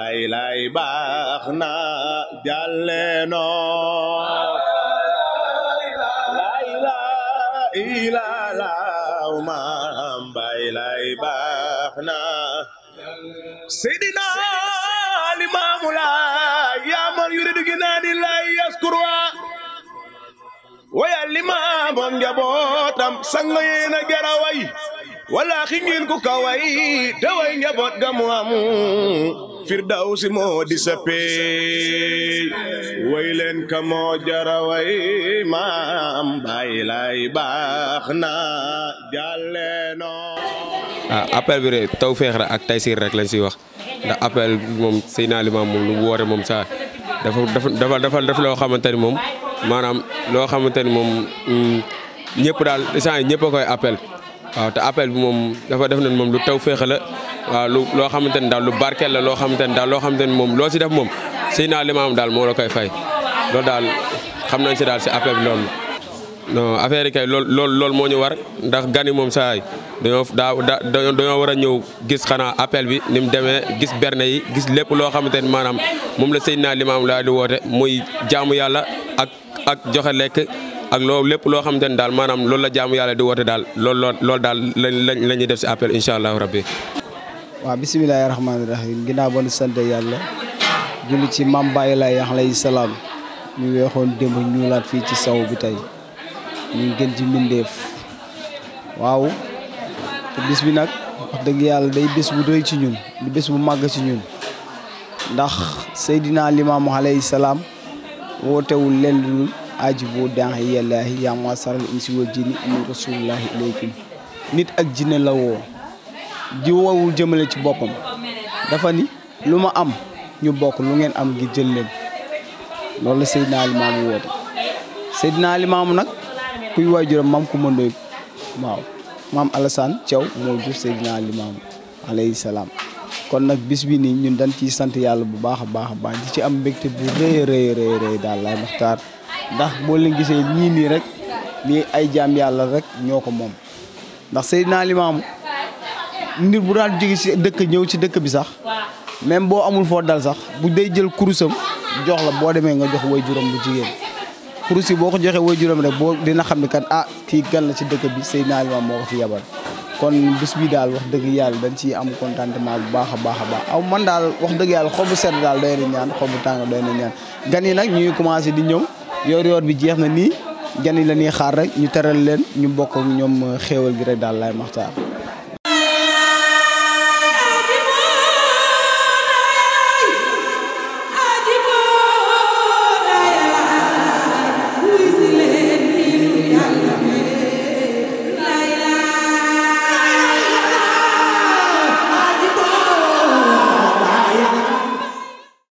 lay lay baax na jàlleno lay lay la law maam bay lay baax na sidina limaamu laay yaa man yuridu ginaani lay yaskurwa waya limaamam njabootam sang yéena garaway wala ngeen ku kaway dawai njabot njaboot ga mu am firdaus mo di sa peey way leen ka mo jara ma am baylay lay baax ah, appel bi re tawfiq ra ak taysir rek lañ ci wax da appel mom seyna limam mom maam lu dafa dafa dafa dafa lo xamanteni mom manam lo xamanteni mom mm, ñepp dal ñepp koy appel waaw te appel bi moom dafa def nañ moom lu taw féex la waaw loo xamante ni daal lu barkeel la loo xamante ni daal loo xamante ni moom loo si def moom sëy naa limaam daal moo la koy fay loolu daal xam nañ si daal si appel bi loolu non affaire yi kay loolu loolu moo ñu war ndax gani moom saay dañoo daa dañoo war a ñëw gis xanaa appel bi ni mu demee gis berne yi gis lépp loo xamante ni maanaam moom la sëy naa limaam laa di woote muy jaamu yàlla ak ak joxe lekk ak loolu lépp loo xamante ne daal maanaam loolu la jaamu yàlla di woote daal loolu lool daal lañ la ñuy def si appel incha allahu rabbi. waaw bisimilah rahmaani rahiim ginaa ba nu sant yàlla julli ci maam Baye lay alayhi salaam ñu weexoon démb ñuulaat fii ci saw bu tey ñu gën ci mbindeef waaw te bis bi nag wax dëgg yàlla day bis bu doy ci ñun di bés bu màgg ci ñun ndax Seydina Limaamu alayhi salaam wootewul leen ajibo dan hayya lahi ya masar saral insi wal jinni amin rasulullah ilaykum nit ak jinne la wo di wo woowul jëmale ci bopam dafa ni luma am ñu bok lu ngeen am gi jël leen loolu al imam Limaamu woote al imam nak kuy wajur mam ko mo mëndooy waaw mam Alassane ciow mo jur al imam alayhi salam kon nag bis bi nii ñun dañ ciy sant yàlla bu baax a baax a baax di ci am mbégte bu rëy a rëy rëy daal laay maxtaar ndax boo leen gisee ñii mii rek lii ay jaam yàlla rek ñoo ko moom ndax Seydina Limaamu nit bu daan jóge ci dëkk ñëw ci dëkk bi sax même boo amul foo dal sax bu day jël kurusam jox la boo demee nga jox way juróom bu jigéen kurus yi boo ko joxee way juróom rek boo dina xam ne kan ah kii gan la ci dëkk bi Seydina Limaamu moo ko fi yabal kon bis bii daal wax dëgg yàlla dañ ciy am contentement bu baax a baax a baax aw man daal wax dëgg yàlla xob sedd daal doy na ñaan xobu tàng doy na ñaan gan yi nag ñuy commencé di ñëw yoor yoor bi jeex na nii gan yi la ñuy xaar rek ñu teral leen ñu bokk ak ñoom xéewal gi rek daal laay maxtaar